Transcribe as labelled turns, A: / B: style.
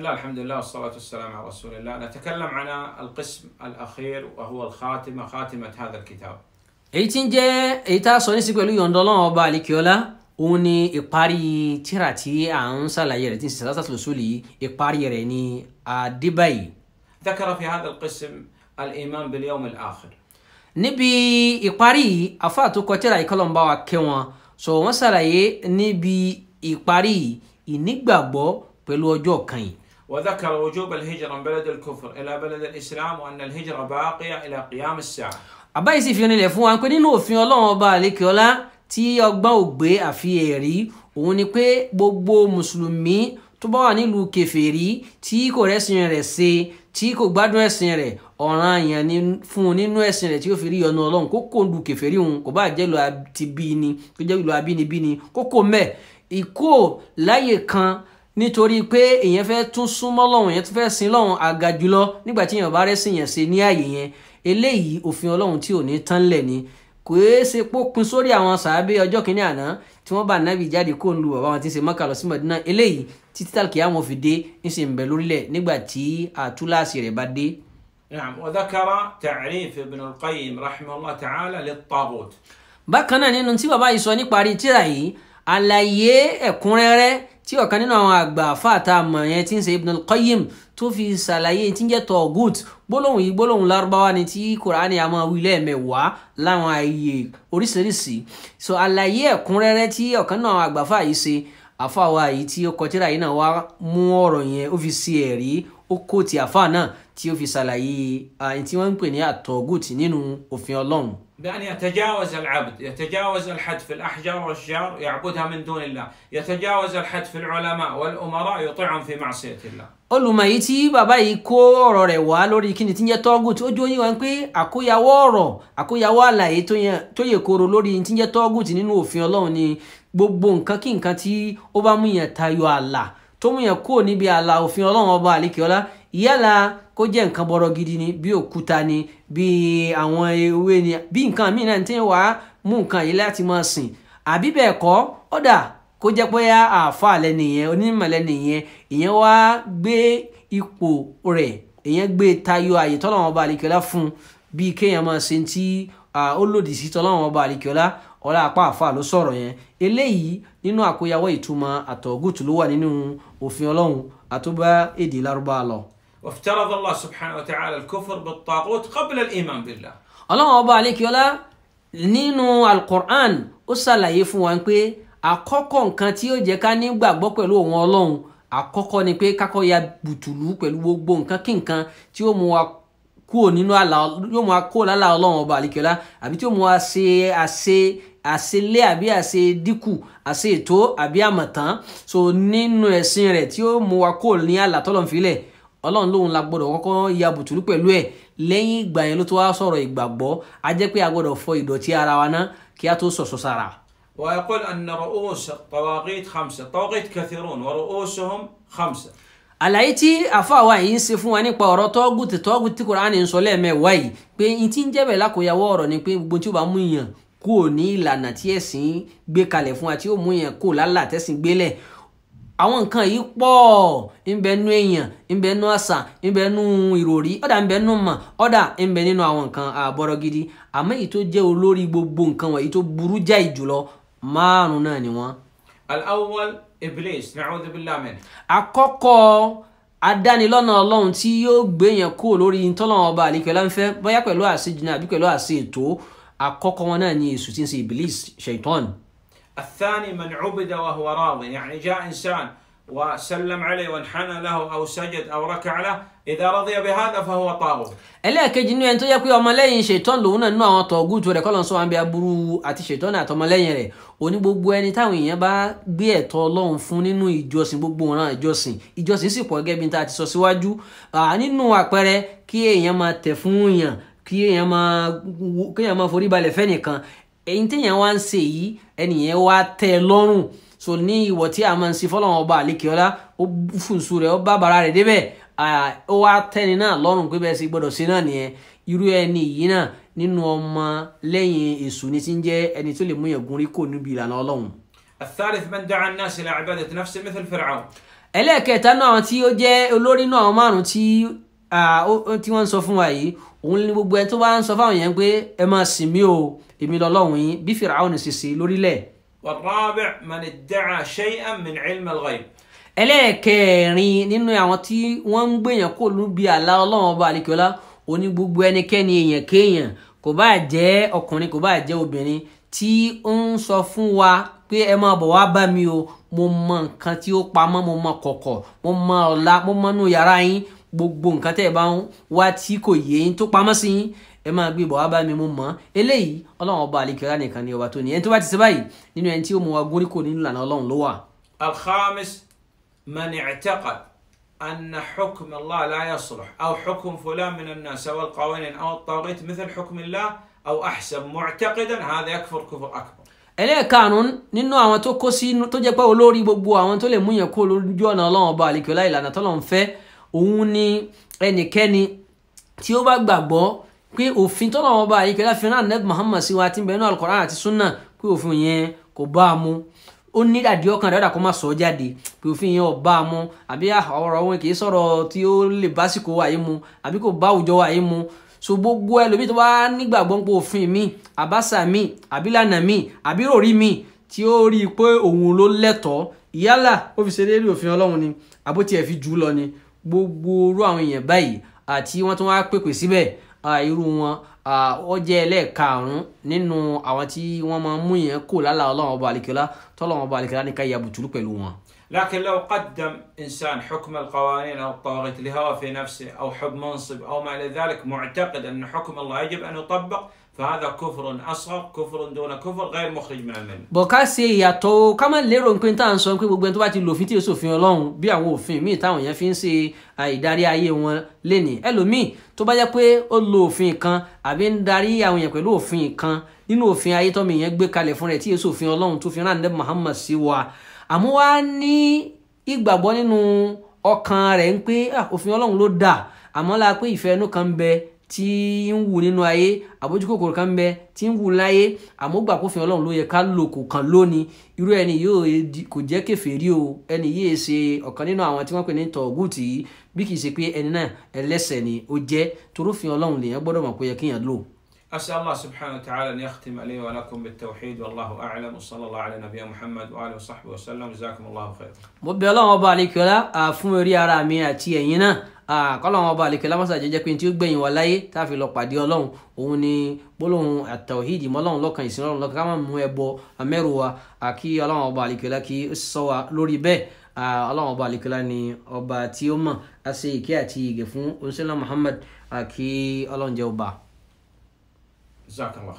A: الحمد لله والصلاة والسلام على رسول الله نتكلم عن القسم الأخير وهو الخاتمة خاتمة هذا الكتاب
B: èyí tí ń jẹ́ èyí tá a sọ nísìsiyìí pẹ̀lú yọ̀ǹda ọlọ́run ọba àlekíọ́lá òun ni ìparí tíra tí à ń ṣàlàyé rẹ̀ tí ń sèṣàlá sàlùsùlù yìí ìparí rẹ̀ ni àdébáyì.
A: ذكر في هذا القسم الإيمان باليوم
B: الآخر. níbi ìparí yìí àfáà tó kọ tíra ìkọlọ́mbà wa kẹ́ wọn sọ wọ́n ṣàlàyé níbi ìparí ìnígbàgbọ́ pẹ̀lú ọjọ́ kan yìí.
A: وذكر وجوب الهجرة من بلد الكفر إلى بلد الإسلام وأن الهجرة باقية إلى قيام
B: الساعة àbáyé sì fi rinlẹ̀ fún wa pé nínú òfin ọlọ́run ọba àlékiọlá tí ọgbọ́n ò gbé àfi ẹ̀rí òun ni pé gbogbo mùsùlùmí tó bá wà nílùú kèfèrí tí kò rẹ́sìn rẹ̀ ṣe tí kò gbádùn ẹ̀sìn rẹ̀ ọ̀ràn àyàn fún un nínú ẹ̀sìn rẹ̀ tí ó fi rí ọ̀nà ọlọ́run kó kó lu kèfèrí òun kò bá jẹ́ lu àti bí ni kó jẹ́ lu àbínibí ni kó kó mẹ́ ìkó láyè kan nítorí pé èèyàn fẹ́ tún súnmọ́ lọ́hùn èèyàn tún fẹ́ sin lọ́hùn àga jùlọ nígbà tí èèyàn bá rẹ́sìn yẹn ṣe ní ààyè yẹn eléyìí òfin ọlọ́run tí ò ní tán lẹ̀ ni kò é ṣe pópin sórí àwọn sàábé ọjọ́ kìíní àná tí wọ́n bá nábì jáde kó ń lu bàbá wọn ti ṣe mọ́kà sí mọ̀dínà eléyìí títí tàlùkì àwọn fi dé ń ṣe ń bẹ lórílẹ̀ nígbà tí àtúláàsì rẹ̀ bá dé.
A: نعم وذكر تعريف ابن القيم رحمه الله تعالى للطاغوت.
B: bákan náà nínú tí bàbá yìí sọ níparí tíra yìí àlàyé ẹ̀kúnrẹ́rẹ́ tí ọ̀kan nínú àwọn àgbà fàtà mọ̀ yẹn ti ń ṣe Ibn al-Qayyim tó fi ṣàlàyé tí ń jẹ́ tọ̀gùt gbólóhùn yìí gbólóhùn lárúbáwá ni tí kùránì àmọ́ wílẹ̀ mẹ́wàá láwọn ààyè oríṣiríṣi so àlàyé ẹ̀kúnrẹ́rẹ́ tí ọ̀kan nínú àwọn àgbà fà yìí ṣe àfàwà yìí tí ó kọtíra yìí náà wá mú ọ̀rọ̀ yẹn ó fi ṣe ẹ̀rí ó kó ti àfa náà tí ó fi ṣàlàyé àyìn tí wọ́n ń pè ní àtọ̀gùt nínú òfin ọlọ́run.
A: بأن يتجاوز العبد يتجاوز الحد في الأحجار والشجار يعبدها من دون الله يتجاوز الحد في العلماء والأمراء يطيعهم في معصية الله
B: olùmọ̀ yìí tí bàbá yìí kó ọ̀rọ̀ rẹ̀ wá lórí kíni tí ń jẹ́ tọ́gùt ó jóyìn wọn pé àkóyawọ́ ọ̀rọ̀ àkóyawọ́ àlàyé tó yẹ kóró lórí tí ń jẹ́ tọ́gùt nínú òfin ọlọ́run ni gbogbo nǹkan kí nǹkan tí ó bá mú yẹn tayọ ààlà tó mú yẹn kúrò níbi ààlà òfin ọlọ́run ọba àlekèọ́lá yálà kó jẹ́ nǹkan bọ̀rọ̀ gidi ni bí òkúta ni bí àwọn ewé ni bí nǹkan míì náà ti ń wá mú nǹkan yìí láti máa sìn àbí bẹ́ẹ̀ kọ́ ọ̀dà kó jẹ́ pé àáfàá lẹ́nìyẹn onímọ̀ lẹ́nìyẹn ìyẹn wá gbé ipò rẹ̀ ìyẹn gbé tayọ àyè tọ́lọ́run ọba àlekèọ́lá fún bíi kéèyàn máa ṣe ti ó lòdì sí tọ́lọ́run ọba àlekèọ́lá ọlá apá àfáà ló sọ̀rọ̀ yẹn eléyìí nínú àkóyawọ ìtumọ̀ àtọ̀gùtù ló wà nínú òfin ọlọ́run àtúbá èdè lárúbá lọ.
A: وافترض الله سبحانه وتعالى الكفر بالطاغوت قبل الإيمان بالله.
B: ọlọ́run ọba alekeola nínú alukur'an ó ṣàlàyé fún wa pé àkọ́kọ́ nǹkan tí ó jẹ́ ká nígbàgbọ́ pẹ̀lú òun ọlọ́run àkọ́kọ́ ni pé kákọ́ ya bùtùlù pẹ̀lú gbogbo nǹkan kí nǹkan tí ó mú wa kúrò nínú àlà yóò mú wa kúrò lálà ọlọ́run ọba àlìkẹ́lá àbí tí yóò mú wa ṣe àṣe àṣelé àbí àṣe dínkù àṣe ètò àbí àmọ̀tán so nínú ẹ̀sìn rẹ̀ tí yóò mú wa kúrò ní àlà tọ́lọ́nfilẹ̀ ọlọ́run lòun la gbọ́dọ̀ kọ́kọ́ ya bùtùrú pẹ̀lú ẹ̀ lẹ́yìn ìgbà yẹn ló tó wá sọ̀rọ̀ ìgbàgbọ́ a jẹ́ pé a gbọ́dọ̀ fọ ìdọ̀tí ara wa ná kí a tó sọ̀sọ̀ sára.
A: ويقول أن رؤوس طواغيت خمسة طواغيت كثيرون ورؤوسهم خمسة
B: àlàyé tí àfàwà yìí ń se fún wa nípa ọ̀rọ̀ tọ́gùtì tọ́gùtì Kùránì ń sọ lẹ́ẹ̀mẹ́wàá yìí pé n ti ń jẹ́ bẹ́ẹ̀ lákòyàwó ọ̀rọ̀ ni pé gbogbo tí ó bá mú yàn kú ní ìlànà tí ẹ̀sìn gbé kalẹ̀ fún wa tí ó mú yàn kú lálà tẹ́sìn gbélẹ̀ àwọn nǹkan yìí pọ̀ ńbẹ nú èèyàn ńbẹ nú àṣà ńbẹ nú ìròrí ọ̀dà ńbẹ àwọn nǹkan àbọ̀rọ̀ gidi àmọ́ èyí olórí gbogbo nǹkan wọ̀nyí tó burú jáì jùlọ márùn-ún náà ni wọ́n.
A: iblis na'udhu billahi min.
B: àkọ́kọ́ adánilọ́nà ọlọ́run tí yóò gbé yẹn kúrò lórí ntọ́lọ́wọ́n ọba àlekèlá ń fẹ́ bóyá pẹ̀lú àṣejìnnà àbí pẹ̀lú àṣe ètò àkọ́kọ́ wọn náà ni èṣù tí ń ṣe iblis shaitan.
A: الثاني من عبد وهو راض يعني جاء إنسان وسلم عليه وانحنى له او سجد او ركع له اذا رضي بهذا فهو طاغوت.
B: ẹlẹ́ẹ̀kejì nínú ẹni tó yẹ pé ọmọlẹ́yìn ṣètọ́n lòun náà nínú àwọn tọ̀gùtù rẹ̀ kọ́lọ́n sọ wọn bí aburú àti ṣètọ́n àti ọmọlẹ́yìn rẹ̀ oní gbogbo ẹni táwọn èèyàn bá gbé ẹ̀tọ́ ọlọ́run fún nínú ìjọsìn gbogbo ọ̀ràn ìjọsìn ìjọsìn sì pọ̀ gẹ́gẹ́ bí ta ti sọ síwájú nínú àpẹẹrẹ kí èèyàn máa tẹ̀ fún èèyàn kí èèyàn máa forí balẹ̀ fẹ́nìkan èyí téèyàn wá ń ṣe yìí ẹnìyẹn wá tẹ́ lọ́rùn so ní ìwọ tí a máa ń sin fọlọ́wọn ọba àlekèọ́lá ó fùnsù rẹ̀ ó bá bàrà rẹ̀ débẹ̀ ó wá tẹ́ni náà lọ́rùn pé bẹ́ẹ̀ sì gbọ́dọ̀ sí náà nìyẹn irú ẹni yìí náà nínú ọmọ lẹ́yìn èṣù ni ti ń jẹ́ ẹni tó lè mú yẹn gun kò níbi ìlànà ọlọ́run.
A: الثالث من دعا الناس إلى نفسه مثل فرعون.
B: ẹlẹ́ẹ̀kẹta náà àwọn tí ó jẹ́ olórí náà márùn-ún tí wọ́n ń sọ fún wa yìí òun ni gbogbo ẹ tó bá ń sọ fáwọn yẹn pé ẹ máa sìn mí o èmi lọ́lọ́run yín bí Fir'aun sì lórílẹ̀. والرابع
A: من ادعى شيئا من علم الغيب
B: ẹlẹ́ẹ̀kẹrin nínú àwọn tí wọ́n ń gbèyàn kó lóbi àlá ọlọ́run ọba àlekíọ́lá oní gbogbo ẹnikẹ́ni èèyàn kéèyàn kò bá jẹ́ ọkùnrin kò bá jẹ́ obìnrin tí ó ń sọ fún wa pé ẹ máa bọ̀ wá bá mi o mo mọ nǹkan tí ó pamọ́ mo mọ kọ̀kọ̀ mo mọ ọ̀la mo mọ inú yàrá yín gbogbo nǹkan tẹ́ bá wá tí kò yé yín tó pamọ́ sí yín ẹ máa gbé bọ̀ wá bá mi mú mọ́ eléyìí ọlọ́run ọba àlekèrè nìkan ni ọba tó ní ẹni tó bá ti ṣe báyìí nínú ẹni tí ó mú wa gún kò nínú ìlànà ọlọ́run ló wà.
A: alhamis man i'taqad anna hukm allah la yasluh aw hukm fulan min an qawanin aw at-taghit mithl hukm aw ahsan mu'taqidan hadha yakfur kufr akbar
B: ẹlẹ́ẹ̀karùn-ún nínú àwọn tó kó sí tó jẹ́ pé olórí gbogbo àwọn tó lè mú yẹn kó lójú ọ̀nà ọlọ́run ọba àlekèọ́lá pé òfin tọ́lọ̀ wọn bá ayíkẹ́lá fi rán nẹ́bí Muhammad sí wa ti ń bẹ inú Al-Qur'an àti sunna pé òfin yẹn kò bá a mú ó ní ìdàdí ọkàn dáadáa kó má sọ jáde pé òfin yẹn ò bá a mú àbí ah, ọ̀rọ̀ wọn kì í sọ̀rọ̀ tí ó lè básìkò àyè mu àbí kò bá àwùjọ àyè mu so gbogbo ẹlòmíì tó bá nígbàgbọ́ pé òfin mi àbáṣà mi àbílànà mi àbíròrí mi tí ó rí i pé òun ló lẹ́tọ̀ọ́ yálà ó fi ṣe déédé òfin Ọlọ́run ni àbótiẹ̀ fi jù ú lọ ni gbogbo orú àwọn èèyàn báyìí àti wọ́n tún wá pèpè síbẹ̀ irú wọn ó jẹ́ ẹlẹ́ẹ̀karùn-ún nínú àwọn tí wọ́n máa ń mú yẹn kó lálàá ọlọ́run ọba àlekèlá tọ́lọ́run ọba àlekèlá ní ká yà bùtùrú pẹ̀lú wọn.
A: لكن لو قدم إنسان حكم القوانين أو الطواغيت لهوى في نفسه أو حب منصب أو ما إلى ذلك معتقد أن حكم الله يجب أن يطبق فهذا كفر أصغر كفر دون كفر غير مخرج من الملة
B: bọ̀ ká ṣe ìyàtọ̀ ká má lérò nǹkan tá à ń sọ pé gbogbo ẹni tó bá ti lò òfin tí yóò ṣòfin Ọlọ́run bí àwọn òfin míì táwọn èèyàn fi ń ṣe àìdarí ayé wọn lénìí ẹlòmíì tó bá jẹ́ pé ó lo òfin kan àbí ń darí àwọn èèyàn pẹ̀lú òfin kan nínú òfin ayé tọ́mọ èèyàn gbé kalẹ̀ fún rẹ̀ tí yóò ṣòfin Ọlọ́run tó fi rán àdé Muhammad sí wa àmọ́ wá ní ìgbàgbọ́ nínú ọkàn rẹ̀ ń pé ah, òfin ọlọ́run ló dà àmọ́ la pé ìfẹ́ inú kan ń bẹ tí ń wù nínú ayé àbójú kòkòrò kan ń bẹ tí ń wù láyé àmọ́ gbà pófin ọlọ́run ló yẹ ká lò kò kàn lónìí irú ẹni yóò kò jẹ́ kèfèrí o ẹni yìí ṣe ọ̀kan nínú àwọn tí wọ́n pè ní tọ̀gùtì bí kì í ṣe pé ẹni náà ẹlẹ́ṣẹ̀ ni ó jẹ́ torófin ọlọ́run lèèyàn gbọ́dọ̀ mọ̀ pé yẹ kéèyàn lò
A: أسأل الله سبحانه وتعالى أن يختم لي ولكم بالتوحيد والله أعلم وصلى الله على نبينا محمد وآله وصحبه وسلم جزاكم الله خير.
B: mo الله Ọlọ́run ọba àlekèọlá fún orí ara mi àti ẹ̀yin náà kọ́lọ́run ọba àlekèọlá mọ́sá jẹ́jẹ́ pé tí ó gbẹ̀yìn wá láyé tá a fi lọ pàdé Ọlọ́run òun ni gbólóhùn àtàwíìdì mọ́lọ́run lọ́kàn ìsìn Ọlọ́run lọ́kàn ká má mú ẹbọ amẹ́rù wa kí Ọlọ́run ọba àlekèọlá kí ó sọ wa lórí bẹ́ẹ̀ Ọlọ́run ọba àlekèọlá ni ọba tí ó mọ̀ àṣẹ ìkẹ́ àti ìgẹ̀ fún oníṣẹ́lá Muhammad kí Ọlọ́run jẹ́ ọba. zakken lag.